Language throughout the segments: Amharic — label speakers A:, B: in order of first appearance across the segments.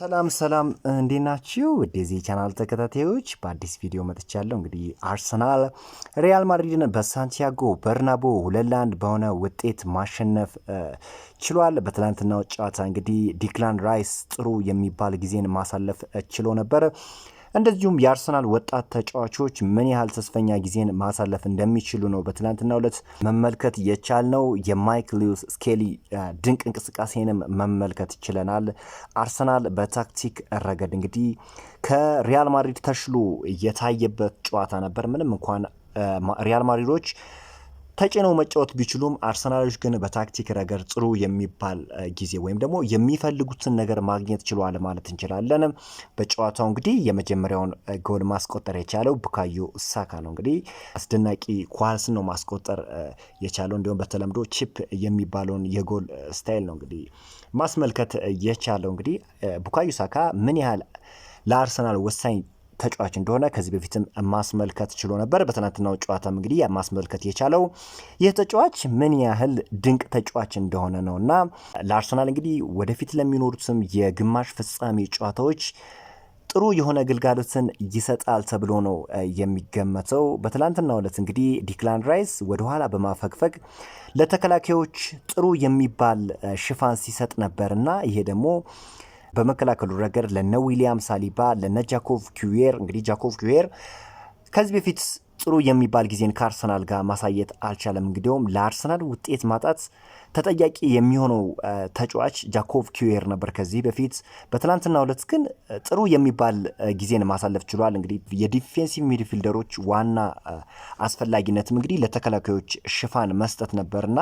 A: ሰላም ሰላም እንዴት ናችሁ? ወደዚህ ቻናል ተከታታዮች በአዲስ ቪዲዮ መጥቻለሁ። እንግዲህ አርሰናል ሪያል ማድሪድን በሳንቲያጎ በርናቦ ሁለት ለአንድ በሆነ ውጤት ማሸነፍ ችሏል። በትላንትናው ጨዋታ እንግዲህ ዲክላን ራይስ ጥሩ የሚባል ጊዜን ማሳለፍ ችሎ ነበር። እንደዚሁም የአርሰናል ወጣት ተጫዋቾች ምን ያህል ተስፈኛ ጊዜን ማሳለፍ እንደሚችሉ ነው በትናንትናው ዕለት መመልከት የቻልነው። የማይክ ሊዩስ ስኬሊ ድንቅ እንቅስቃሴንም መመልከት ይችለናል። አርሰናል በታክቲክ ረገድ እንግዲህ ከሪያል ማድሪድ ተሽሎ የታየበት ጨዋታ ነበር። ምንም እንኳን ሪያል ማድሪዶች ተጭነው መጫወት ቢችሉም አርሰናሎች ግን በታክቲክ ረገድ ጥሩ የሚባል ጊዜ ወይም ደግሞ የሚፈልጉትን ነገር ማግኘት ችሏል ማለት እንችላለን። በጨዋታው እንግዲህ የመጀመሪያውን ጎል ማስቆጠር የቻለው ቡካዮ ሳካ ነው። እንግዲህ አስደናቂ ኳስን ነው ማስቆጠር የቻለው እንዲሁም በተለምዶ ቺፕ የሚባለውን የጎል ስታይል ነው እንግዲህ ማስመልከት የቻለው እንግዲህ ቡካዮ ሳካ ምን ያህል ለአርሰናል ወሳኝ ተጫዋች እንደሆነ ከዚህ በፊትም ማስመልከት ችሎ ነበር። በትናንትናው ጨዋታም እንግዲህ ማስመልከት የቻለው ይህ ተጫዋች ምን ያህል ድንቅ ተጫዋች እንደሆነ ነው እና ለአርሰናል እንግዲህ ወደፊት ለሚኖሩትም የግማሽ ፍጻሜ ጨዋታዎች ጥሩ የሆነ ግልጋሎትን ይሰጣል ተብሎ ነው የሚገመተው። በትላንትና ዕለት እንግዲህ ዲክላን ራይስ ወደኋላ በማፈግፈግ ለተከላካዮች ጥሩ የሚባል ሽፋን ሲሰጥ ነበር እና ይሄ ደግሞ በመከላከሉ ረገድ ለነ ዊሊያም ሳሊባ ለነ ጃኮቭ ኪዌር እንግዲህ ጃኮቭ ኪዌር ከዚህ በፊት ጥሩ የሚባል ጊዜን ከአርሰናል ጋር ማሳየት አልቻለም። እንግዲውም ለአርሰናል ውጤት ማጣት ተጠያቂ የሚሆነው ተጫዋች ጃኮቭ ኪዌር ነበር ከዚህ በፊት። በትናንትና ሁለት ግን ጥሩ የሚባል ጊዜን ማሳለፍ ችሏል። እንግዲህ የዲፌንሲቭ ሚድፊልደሮች ዋና አስፈላጊነትም እንግዲህ ለተከላካዮች ሽፋን መስጠት ነበርና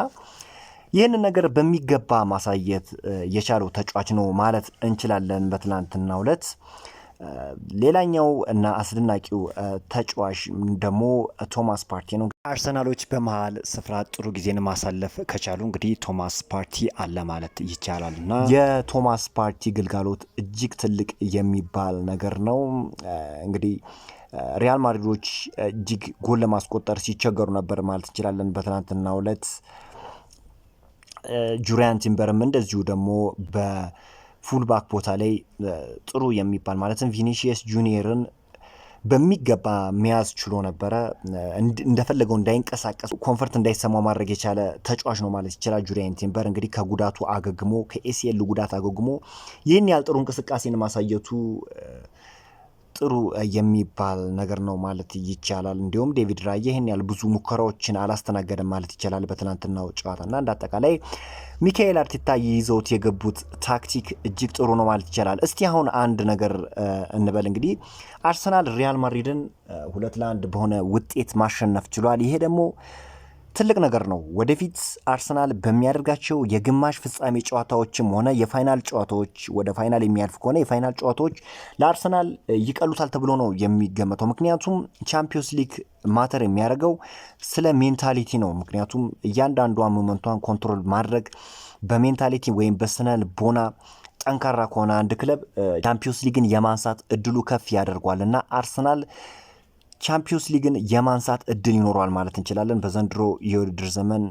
A: ይህንን ነገር በሚገባ ማሳየት የቻለው ተጫዋች ነው ማለት እንችላለን። በትናንትና ሁለት ሌላኛው እና አስደናቂው ተጫዋች ደግሞ ቶማስ ፓርቲ ነው። አርሰናሎች በመሀል ስፍራ ጥሩ ጊዜን ማሳለፍ ከቻሉ እንግዲህ ቶማስ ፓርቲ አለ ማለት ይቻላል እና
B: የቶማስ ፓርቲ ግልጋሎት እጅግ ትልቅ የሚባል ነገር ነው እንግዲህ ሪያል ማድሪዶች እጅግ ጎል ለማስቆጠር ሲቸገሩ ነበር ማለት እንችላለን በትናንትናው ዕለት ጁሪያን ቲምበርም እንደዚሁ ደግሞ በፉልባክ ቦታ ላይ ጥሩ የሚባል ማለትም ቪኒሺየስ ጁኒየርን በሚገባ መያዝ ችሎ ነበረ። እንደፈለገው እንዳይንቀሳቀስ ኮንፈርት እንዳይሰማው ማድረግ የቻለ ተጫዋች ነው ማለት ይችላል። ጁሪያን ቲምበር እንግዲህ ከጉዳቱ አገግሞ ከኤሲኤል ጉዳት አገግሞ ይህን ያህል ጥሩ እንቅስቃሴን ማሳየቱ ጥሩ የሚባል ነገር ነው ማለት ይቻላል። እንዲሁም ዴቪድ ራያ ይህን ያህል ብዙ ሙከራዎችን አላስተናገደም ማለት ይቻላል በትናንትናው ጨዋታ እና እንዳጠቃላይ ሚካኤል አርቴታ ይዘውት የገቡት ታክቲክ እጅግ ጥሩ ነው ማለት ይቻላል። እስቲ አሁን አንድ ነገር እንበል እንግዲህ አርሰናል ሪያል ማድሪድን ሁለት ለአንድ በሆነ ውጤት ማሸነፍ ችሏል። ይሄ ደግሞ ትልቅ ነገር ነው። ወደፊት አርሰናል በሚያደርጋቸው የግማሽ ፍጻሜ ጨዋታዎችም ሆነ የፋይናል ጨዋታዎች ወደ ፋይናል የሚያልፍ ከሆነ የፋይናል ጨዋታዎች ለአርሰናል ይቀሉታል ተብሎ ነው የሚገመተው። ምክንያቱም ቻምፒዮንስ ሊግ ማተር የሚያደርገው ስለ ሜንታሊቲ ነው። ምክንያቱም እያንዳንዷ ሞመንቷን ኮንትሮል ማድረግ በሜንታሊቲ ወይም በስነ ልቦና ጠንካራ ከሆነ አንድ ክለብ ቻምፒዮንስ ሊግን የማንሳት እድሉ ከፍ ያደርጓል እና አርሰናል ቻምፒዮንስ ሊግን የማንሳት እድል ይኖረዋል ማለት እንችላለን። በዘንድሮ የውድድር ዘመን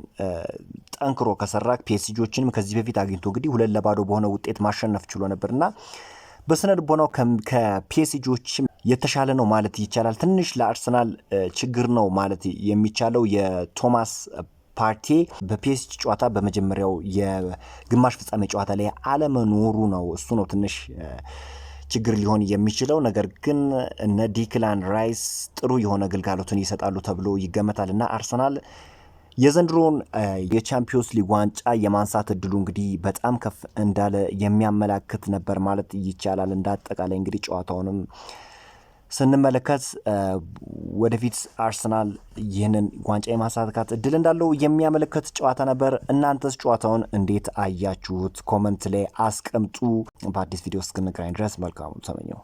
B: ጠንክሮ ከሰራ ፒኤስጂዎችንም ከዚህ በፊት አግኝቶ እንግዲህ ሁለት ለባዶ በሆነ ውጤት ማሸነፍ ችሎ ነበርና በስነ ልቦናው ከፒኤስጂዎች የተሻለ ነው ማለት ይቻላል። ትንሽ ለአርሰናል ችግር ነው ማለት የሚቻለው የቶማስ ፓርቴ በፒኤስጂ ጨዋታ በመጀመሪያው የግማሽ ፍጻሜ ጨዋታ ላይ አለመኖሩ ነው። እሱ ነው ትንሽ ችግር ሊሆን የሚችለው ነገር ግን እነ ዲክላን ራይስ ጥሩ የሆነ ግልጋሎትን ይሰጣሉ ተብሎ ይገመታል እና አርሰናል የዘንድሮውን የቻምፒዮንስ ሊግ ዋንጫ የማንሳት እድሉ እንግዲህ በጣም ከፍ እንዳለ የሚያመላክት ነበር ማለት ይቻላል። እንደ አጠቃላይ እንግዲህ ጨዋታውንም ስንመለከት ወደፊት አርሰናል ይህንን ዋንጫ የማሳካት እድል እንዳለው የሚያመለክት ጨዋታ ነበር። እናንተስ ጨዋታውን እንዴት አያችሁት? ኮመንት ላይ አስቀምጡ። በአዲስ ቪዲዮ እስክንገናኝ ድረስ መልካሙ ተመኘው።